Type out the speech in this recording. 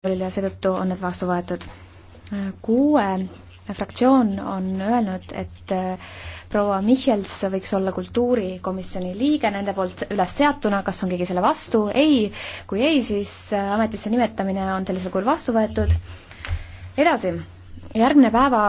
ja seetõttu on need vastu võetud. kuue fraktsioon on öelnud, et äh, proua Michels võiks olla kultuurikomisjoni liige nende poolt üles seatuna, kas on keegi selle vastu, ei. kui ei, siis äh, ametisse nimetamine on sellisel kujul vastu võetud. edasi, järgmine päeva